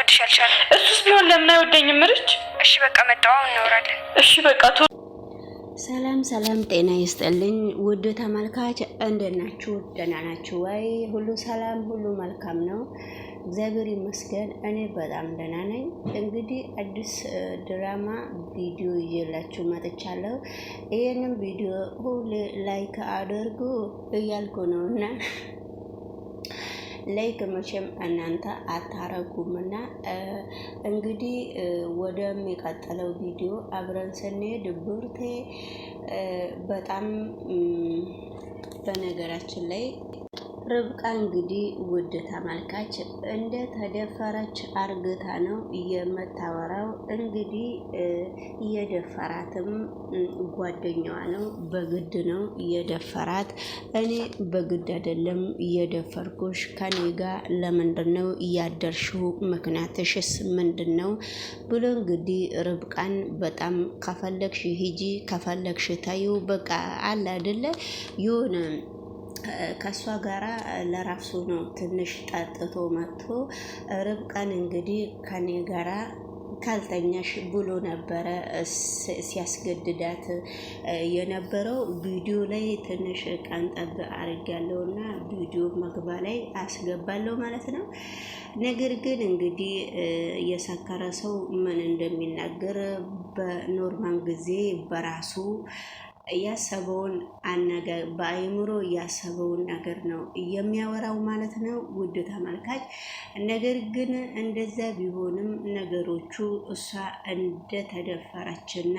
ይወድሻል ቻል። እሱስ ቢሆን ለምን አይወደኝም? ምርች እሺ በቃ መጣው እንወራለን። እሺ በቃ ቶ ሰላም ሰላም፣ ጤና ይስጥልኝ ውድ ተመልካች፣ እንዴት ናችሁ? ደህና ናችሁ ወይ? ሁሉ ሰላም፣ ሁሉ መልካም ነው። እግዚአብሔር ይመስገን፣ እኔ በጣም ደህና ነኝ። እንግዲህ አዲስ ድራማ ቪዲዮ ይዤላችሁ መጥቻለሁ። ይህንም ቪዲዮ ሁሌ ላይክ አድርጉ እያልኩ ነው እና ላይክ መቼም እናንተ አታረጉምና እንግዲህ ወደሚቀጥለው ቪዲዮ አብረን ስንሄድ ብሩኬ በጣም በነገራችን ላይ ርብቃ እንግዲህ ውድ ተመልካች እንደ ተደፈረች አርግታ ነው የምታወራው። እንግዲህ እየደፈራትም ጓደኛዋ ነው። በግድ ነው እየደፈራት። እኔ በግድ አይደለም እየደፈርኩሽ፣ ከኔ ጋር ለምንድን ነው እያደርሽው? ምክንያትሽስ ምንድን ነው ብሎ እንግዲህ ርብቃን በጣም ከፈለግሽ ሂጂ፣ ከፈለግሽ ታዩ፣ በቃ አለ አይደለ የሆነ ከእሷ ጋራ ለራሱ ነው ትንሽ ጠጥቶ መጥቶ ርብቃን እንግዲህ ከኔ ጋራ ካልተኛሽ ብሎ ነበረ ሲያስገድዳት የነበረው። ቪዲዮ ላይ ትንሽ ቀንጠብ አድርጊያለሁ እና ቪዲዮ መግባ ላይ አስገባለሁ ማለት ነው። ነገር ግን እንግዲህ የሰከረ ሰው ምን እንደሚናገር በኖርማል ጊዜ በራሱ ያሰበውን አነገር በአይምሮ ያሰበውን ነገር ነው የሚያወራው ማለት ነው ውድ ተመልካች። ነገር ግን እንደዛ ቢሆንም ነገሮቹ እሷ እንደተደፈረችና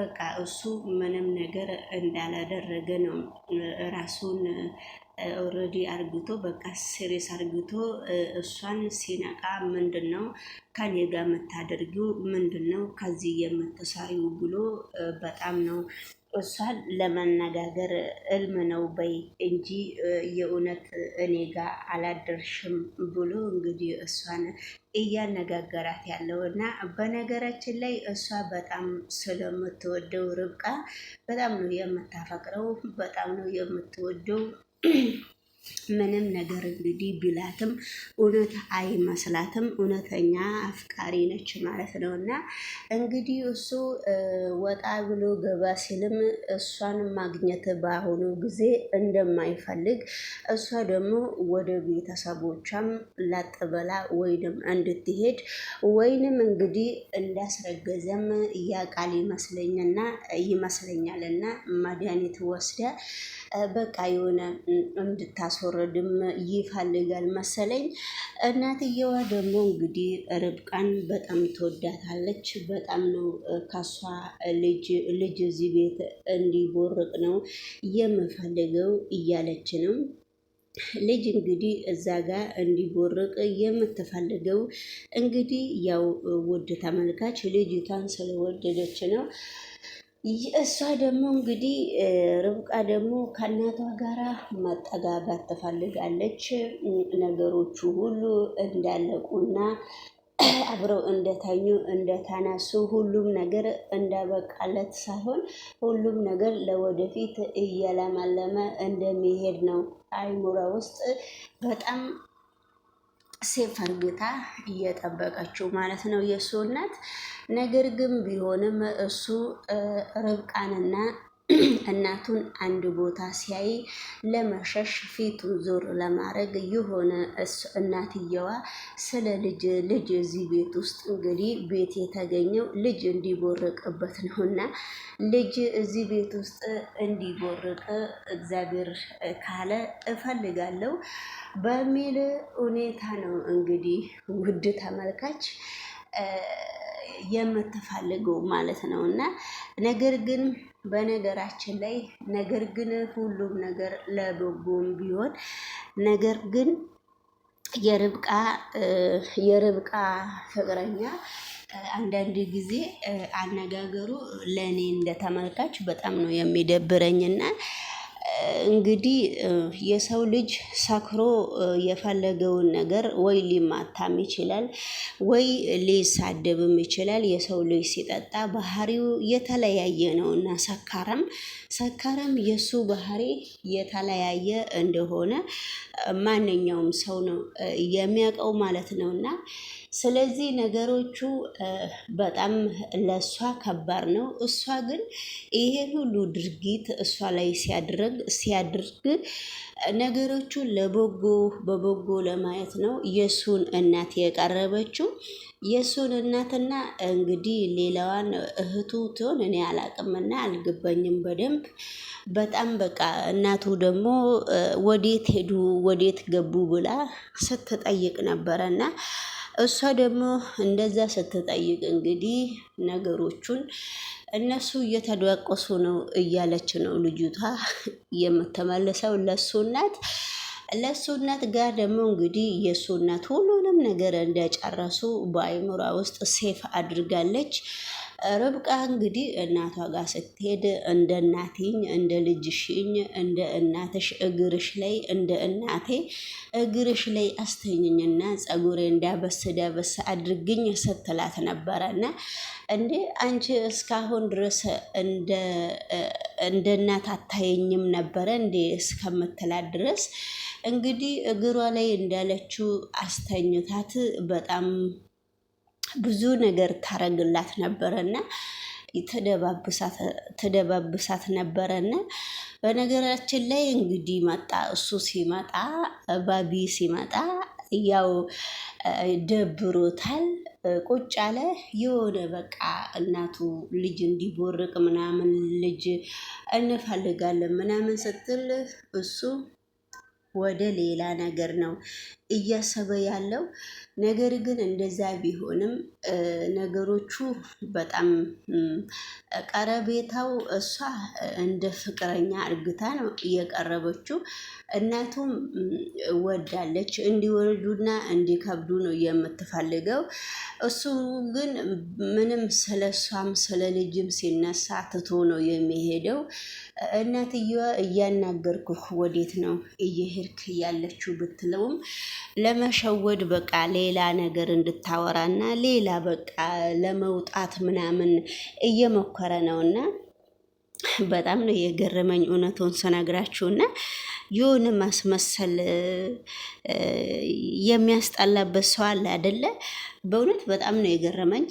በቃ እሱ ምንም ነገር እንዳላደረገ ነው ራሱን ኦልሬዲ አርግቶ በቃ ሴሬስ አርግቶ እሷን ሲነቃ ምንድን ነው ከኔ ጋር የምታደርጊው ምንድን ነው ከዚህ የምትሰሪው ብሎ በጣም ነው እሷን ለመነጋገር እልም ነው በይ እንጂ የእውነት እኔ ጋር አላደርሽም ብሎ እንግዲህ እሷን እያነጋገራት ያለው እና በነገራችን ላይ እሷ በጣም ስለምትወደው ርብቃ በጣም ነው የምታፈቅረው፣ በጣም ነው የምትወደው 嗯。ምንም ነገር እንግዲህ ቢላትም እውነት አይመስላትም። እውነተኛ አፍቃሪ ነች ማለት ነው። እና እንግዲህ እሱ ወጣ ብሎ ገባ ሲልም እሷን ማግኘት በአሁኑ ጊዜ እንደማይፈልግ እሷ ደግሞ ወደ ቤተሰቦቿም ላጥበላ ወይንም እንድትሄድ ወይንም እንግዲህ እንዳስረገዘም እያቃል ይመስለኛል ይመስለኛልና መድኃኒት ወስደ በቃ የሆነ እንድታስ ማስወረድም ይፈልጋል መሰለኝ። እናትየዋ ደግሞ እንግዲህ ርብቃን በጣም ትወዳታለች። በጣም ነው ከሷ ልጅ ልጅ እዚህ ቤት እንዲቦርቅ ነው የምፈልገው እያለች ነው ልጅ እንግዲህ እዛ ጋር እንዲቦርቅ የምትፈልገው እንግዲህ ያው ውድ ተመልካች ልጅቷን ስለወደደች ነው። እሷ ደግሞ እንግዲህ ርብቃ ደግሞ ከእናቷ ጋራ መጠጋጋት ትፈልጋለች። ነገሮቹ ሁሉ እንዳለቁና አብረው እንደተኙ እንደተነሱ ሁሉም ነገር እንዳበቃለት ሳይሆን ሁሉም ነገር ለወደፊት እየለመለመ እንደሚሄድ ነው አይሙራ ውስጥ በጣም ሴፍ ፈንግታ እየጠበቀችው ማለት ነው የእሱ እናት። ነገር ግን ቢሆንም እሱ ርብቃንና እናቱን አንድ ቦታ ሲያይ ለመሸሽ ፊቱን ዞር ለማድረግ የሆነ እናትየዋ ስለ ልጅ ልጅ እዚህ ቤት ውስጥ እንግዲህ ቤት የተገኘው ልጅ እንዲቦርቅበት ነው እና ልጅ እዚህ ቤት ውስጥ እንዲቦርቅ እግዚአብሔር ካለ እፈልጋለሁ በሚል ሁኔታ ነው እንግዲህ ውድ ተመልካች የምትፈልገው ማለት ነው እና ነገር ግን በነገራችን ላይ ነገር ግን ሁሉም ነገር ለበጎም ቢሆን ነገር ግን የርብቃ የርብቃ ፍቅረኛ አንዳንድ ጊዜ አነጋገሩ ለእኔ እንደተመልካች በጣም ነው የሚደብረኝና እንግዲህ የሰው ልጅ ሰክሮ የፈለገውን ነገር ወይ ሊማታም ይችላል፣ ወይ ሊሳደብም ይችላል። የሰው ልጅ ሲጠጣ ባህሪው የተለያየ ነው እና ሰካራም ሰካራም የእሱ ባህሪ የተለያየ እንደሆነ ማንኛውም ሰው ነው የሚያውቀው ማለት ነው እና ስለዚህ ነገሮቹ በጣም ለእሷ ከባድ ነው። እሷ ግን ይሄ ሁሉ ድርጊት እሷ ላይ ሲያደርግ ሲያደርግ ነገሮቹን ለበጎ በበጎ ለማየት ነው የእሱን እናት የቀረበችው። የእሱን እናትና እንግዲህ ሌላዋን እህቱ ትሆን እኔ አላቅምና አልገባኝም በደንብ በጣም በቃ እናቱ ደግሞ ወዴት ሄዱ ወዴት ገቡ ብላ ስትጠይቅ ነበረና እሷ ደግሞ እንደዛ ስትጠይቅ እንግዲህ ነገሮቹን እነሱ እየተደቆሱ ነው እያለች ነው ልጅቷ የምትመልሰው ለሱ እናት ለሱ እናት ጋር ደግሞ እንግዲህ የእሱ እናት ሁሉንም ነገር እንደጨረሱ በአይምሯ ውስጥ ሴፍ አድርጋለች። ርብቃ እንግዲህ እናቷ ጋር ስትሄድ እንደ እናቴኝ እንደ ልጅሽኝ እንደ እናትሽ እግርሽ ላይ እንደ እናቴ እግርሽ ላይ አስተኝኝና ጸጉሬ እንዳበስ ዳበስ አድርግኝ ስትላት ነበረና እንዴ አንቺ እስካሁን ድረስ እንደ እንደ እናት አታየኝም ነበረ እንዴ እስከምትላት ድረስ እንግዲህ እግሯ ላይ እንዳለችው አስተኝታት በጣም ብዙ ነገር ታረግላት ነበረና ተደባብሳት ነበረና። በነገራችን ላይ እንግዲህ መጣ እሱ ሲመጣ ባቢ ሲመጣ ያው ደብሮታል። ቁጭ አለ። የሆነ በቃ እናቱ ልጅ እንዲቦርቅ ምናምን ልጅ እንፈልጋለን ምናምን ስትል እሱ ወደ ሌላ ነገር ነው እያሰበ ያለው ነገር ግን እንደዛ ቢሆንም ነገሮቹ በጣም ቀረቤታው እሷ እንደ ፍቅረኛ እርግታ ነው እየቀረበችው። እናቱም ወዳለች እንዲወዱና እንዲከብዱ ነው የምትፈልገው። እሱ ግን ምንም ስለ እሷም ስለ ልጅም ሲነሳ ትቶ ነው የሚሄደው። እናትየዋ እያናገርኩህ ወዴት ነው እየሄድክ ያለችው ብትለውም ለመሸወድ በቃ ሌላ ነገር እንድታወራና ሌላ በቃ ለመውጣት ምናምን እየሞከረ እና በጣም ነው የገረመኝ እውነቱን ስነግራችሁና የሆነ ማስመሰል የሚያስጠላበት ሰው አለ አይደለ? በእውነት በጣም ነው የገረመኝ።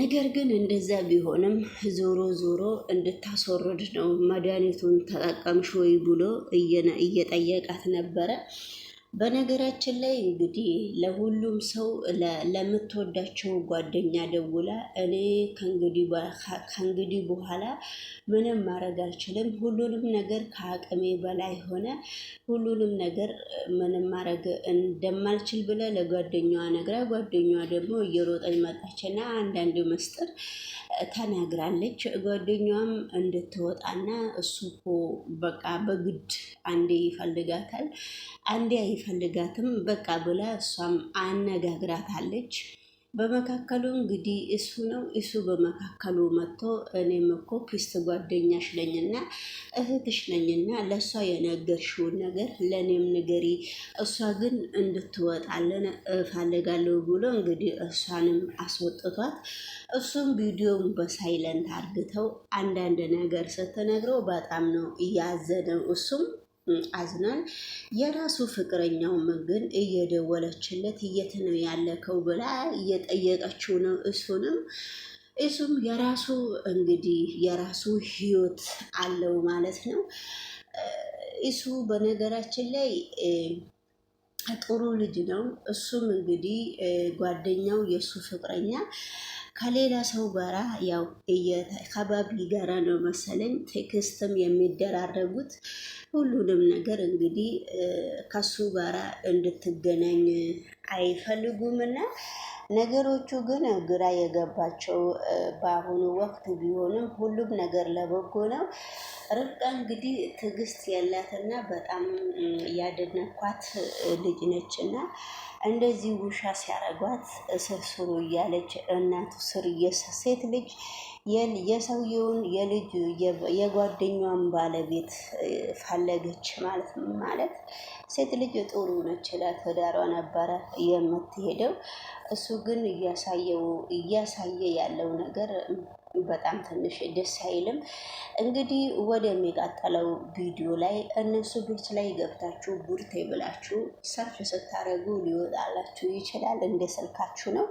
ነገር ግን እንደዛ ቢሆንም ዞሮ ዞሮ እንድታስወርድ ነው መድኃኒቱን ተጠቀምሽ ወይ ብሎ እየጠየቃት ነበረ። በነገራችን ላይ እንግዲህ ለሁሉም ሰው ለምትወዳቸው ጓደኛ ደውላ እኔ ከእንግዲህ በኋላ ምንም ማድረግ አልችልም፣ ሁሉንም ነገር ከአቅሜ በላይ ሆነ፣ ሁሉንም ነገር ምንም ማድረግ እንደማልችል ብለ ለጓደኛዋ ነግራ፣ ጓደኛዋ ደግሞ እየሮጠኝ መጣችና አንዳንድ ምስጢር ተናግራለች። ጓደኛዋም እንድትወጣና እሱ እኮ በቃ በግድ አንዴ ይፈልጋታል አንዴ አይፈልጋትም በቃ ብላ እሷም አነጋግራታለች። በመካከሉ እንግዲህ እሱ ነው እሱ በመካከሉ መጥቶ እኔም እኮ ክስት ጓደኛሽ ነኝና እህትሽ ነኝና ለእሷ የነገርሽውን ነገር ለእኔም ንገሪ፣ እሷ ግን እንድትወጣለን እፈልጋለሁ ብሎ እንግዲህ እሷንም አስወጥቷት እሱም ቪዲዮውን በሳይለንት አርግተው አንዳንድ ነገር ስትነግረው በጣም ነው እያዘነው እሱም አዝናል። የራሱ ፍቅረኛውም ግን እየደወለችለት የት ነው ያለከው ብላ እየጠየቀችው ነው። እሱንም እሱም የራሱ እንግዲህ የራሱ ህይወት አለው ማለት ነው። እሱ በነገራችን ላይ ጥሩ ልጅ ነው። እሱም እንግዲህ ጓደኛው የእሱ ፍቅረኛ ከሌላ ሰው ጋራ ያው ከባቢ ጋራ ነው መሰለኝ ቴክስትም የሚደራረጉት ሁሉንም ነገር እንግዲህ ከሱ ጋራ እንድትገናኝ አይፈልጉም እና ነገሮቹ ግን ግራ የገባቸው በአሁኑ ወቅት ቢሆንም ሁሉም ነገር ለበጎ ነው። ርብቃ እንግዲህ ትዕግስት ያላትና በጣም ያደነኳት ልጅ ነች እና እንደዚህ ውሻ ሲያረጓት እስርስሩ እያለች እናቱ ስር ሴት ልጅ የሰውየውን የልጅ የጓደኛዋን ባለቤት ፈለገች ማለት ማለት ሴት ልጅ ጥሩ ነች ለትዳሯ ነበረ የምትሄደው። እሱ ግን እያሳየው እያሳየ ያለው ነገር በጣም ትንሽ ደስ አይልም። እንግዲህ ወደሚቀጥለው ቪዲዮ ላይ እነሱ ቤት ላይ ገብታችሁ ቡርቴ ብላችሁ ሰርች ስታደረጉ ሊወጣላችሁ ይችላል። እንደ ስልካችሁ ነው።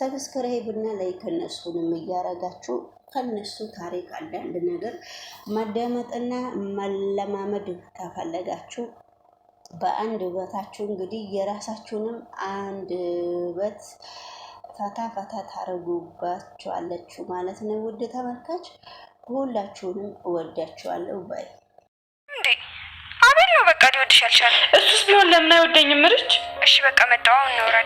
ሰብስክራይብና ላይክ እነሱንም እያረጋችሁ ከነሱ ታሪክ አንዳንድ ነገር ማዳመጥና መለማመድ ከፈለጋችሁ በአንድ ውበታችሁ እንግዲህ የራሳችሁንም አንድ ውበት ፈታ ፈታ ታደርጉባቸዋለችሁ ማለት ነው። ውድ ተመልካች ሁላችሁንም እወዳችኋለሁ ባይ እንዴ አቤል ነው በቃ ሊወድሽ አልቻለም። እሱስ ቢሆን ለምን አይወደኝም? ምርች እሺ በቃ መጣሁ አሁን